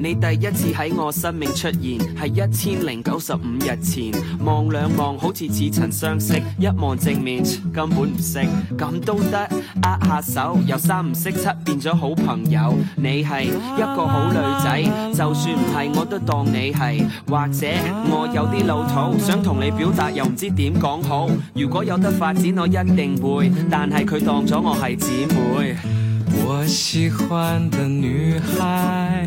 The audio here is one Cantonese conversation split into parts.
你第一次喺我生命出現，係一千零九十五日前。望兩望好似似曾相識，一望正面根本唔識，咁都得握下手，由三唔識七變咗好朋友。你係一個好女仔，就算唔係我都當你係。或者我有啲老土，想同你表達又唔知點講好。如果有得發展，我一定會，但係佢當咗我係姊妹。我喜歡的女孩。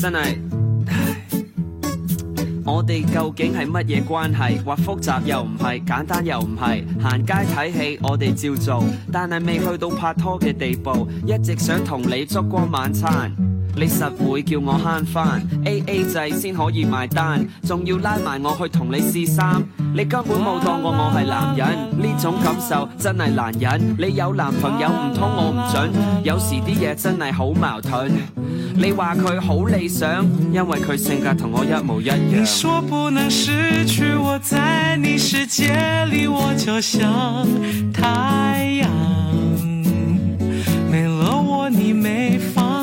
真係，我哋究竟係乜嘢關係？或複雜又唔係，簡單又唔係。行街睇戲，我哋照做，但係未去到拍拖嘅地步。一直想同你燭光晚餐。你實會叫我慳翻，A A 制先可以買單，仲要拉埋我去同你試衫，你根本冇當過我係男人，呢、啊、種感受真係難忍。你有男朋友唔通、啊、我唔准、啊？有時啲嘢真係好矛盾。你話佢好理想，因為佢性格同我一模一樣。你說不能失去我，在你世界裡，我就像太陽。沒了我，你沒法。